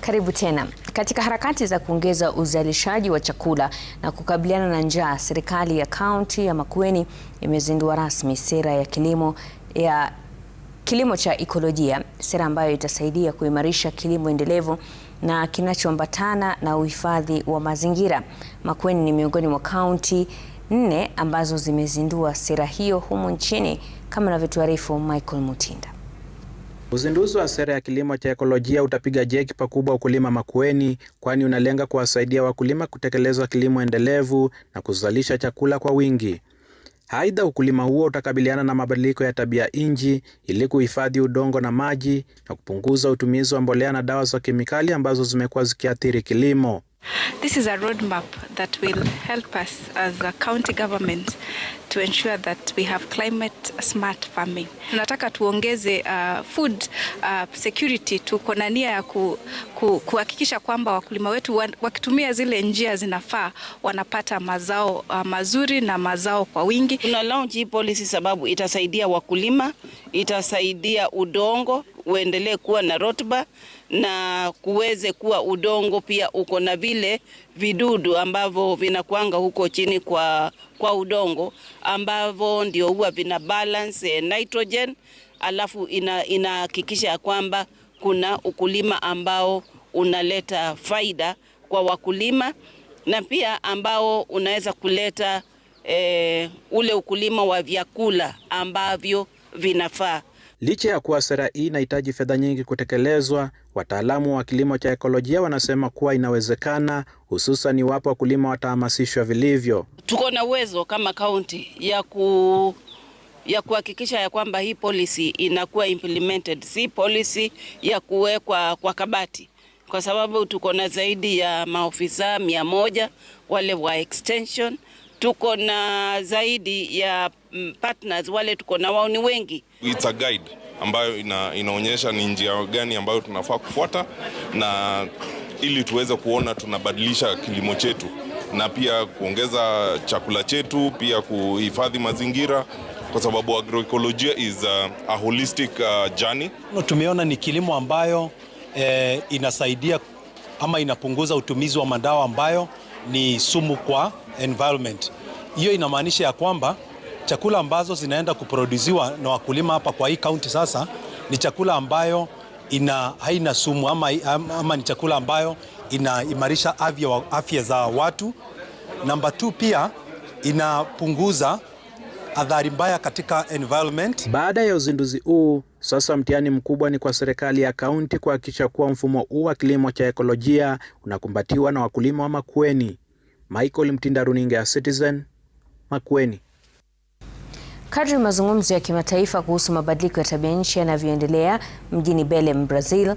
Karibu tena. Katika harakati za kuongeza uzalishaji wa chakula na kukabiliana na njaa, serikali ya kaunti ya Makueni imezindua rasmi sera ya kilimo ya kilimo cha ekolojia, sera ambayo itasaidia kuimarisha kilimo endelevu na kinachoambatana na uhifadhi wa mazingira. Makueni ni miongoni mwa kaunti nne ambazo zimezindua sera hiyo humu nchini, kama anavyotuarifu Michael Mutinda. Uzinduzi wa sera ya kilimo cha ekolojia utapiga jeki pakubwa ukulima Makueni, kwani unalenga kuwasaidia wakulima kutekeleza kilimo endelevu na kuzalisha chakula kwa wingi. Aidha, ukulima huo utakabiliana na mabadiliko ya tabia nchi ili kuhifadhi udongo na maji na kupunguza utumizi wa mbolea na dawa za kemikali ambazo zimekuwa zikiathiri kilimo. This is a roadmap that will help us as a county government to ensure that we have climate smart farming. Tunataka tuongeze uh, food uh, security. Tuko na nia ya ku, ku, kuhakikisha kwamba wakulima wetu wakitumia zile njia zinafaa wanapata mazao uh, mazuri na mazao kwa wingi. Tuna launch hii policy sababu itasaidia wakulima, itasaidia udongo uendelee kuwa na rotba na kuweze kuwa udongo pia uko na vile vidudu ambavyo vinakwanga huko chini kwa, kwa udongo ambavyo ndio huwa vina balance eh, nitrogen, alafu inahakikisha ina ya kwamba kuna ukulima ambao unaleta faida kwa wakulima na pia ambao unaweza kuleta eh, ule ukulima wa vyakula ambavyo vinafaa. Licha ya kuwa sera hii inahitaji fedha nyingi kutekelezwa, wataalamu wa kilimo cha ekolojia wanasema kuwa inawezekana, hususan iwapo wakulima watahamasishwa vilivyo. Tuko na uwezo kama kaunti ya ku ya kuhakikisha ya kwamba hii policy inakuwa implemented, si policy ya kuwekwa kwa kabati, kwa sababu tuko na zaidi ya maofisa mia moja wale wa extension, tuko na zaidi ya mm, partners wale tuko na wao ni wengi. It's a guide ambayo ina, inaonyesha ni njia gani ambayo tunafaa kufuata na ili tuweze kuona tunabadilisha kilimo chetu na pia kuongeza chakula chetu, pia kuhifadhi mazingira kwa sababu agroecolojia is a, a holistic uh, journey. Tumeona ni kilimo ambayo eh, inasaidia ama inapunguza utumizi wa madawa ambayo ni sumu kwa environment. Hiyo inamaanisha ya kwamba chakula ambazo zinaenda kuproduziwa na wakulima hapa kwa hii kaunti sasa ni chakula ambayo ina haina sumu ama, ama ni chakula ambayo inaimarisha afya, afya za watu. Namba tu pia inapunguza athari mbaya katika environment. Baada ya uzinduzi huu, sasa mtihani mkubwa ni kwa serikali ya kaunti kuhakikisha kuwa mfumo huu wa kilimo cha ekolojia unakumbatiwa na wakulima wa Makueni. Michael Mtinda, runinga ya Citizen, Makueni. Kadri mazungumzo ya kimataifa kuhusu mabadiliko ya tabia nchi yanavyoendelea mjini Belem, Brazil,